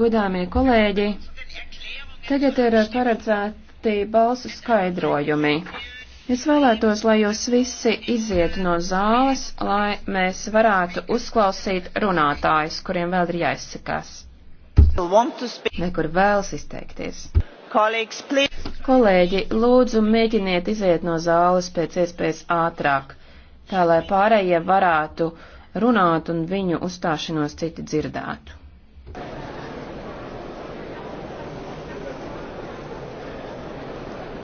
Godāmie kolēģi, tagad ir paredzēti balsu skaidrojumi. Es vēlētos, lai jūs visi izietu no zāles, lai mēs varētu uzklausīt runātājus, kuriem vēl ir jāizsakās. Nekur vēlas izteikties. Kolēģi, lūdzu, mēģiniet iziet no zāles pēc iespējas ātrāk, tā lai pārējie varētu uh, runāt un viņu uzstāšanos citi dzirdētu.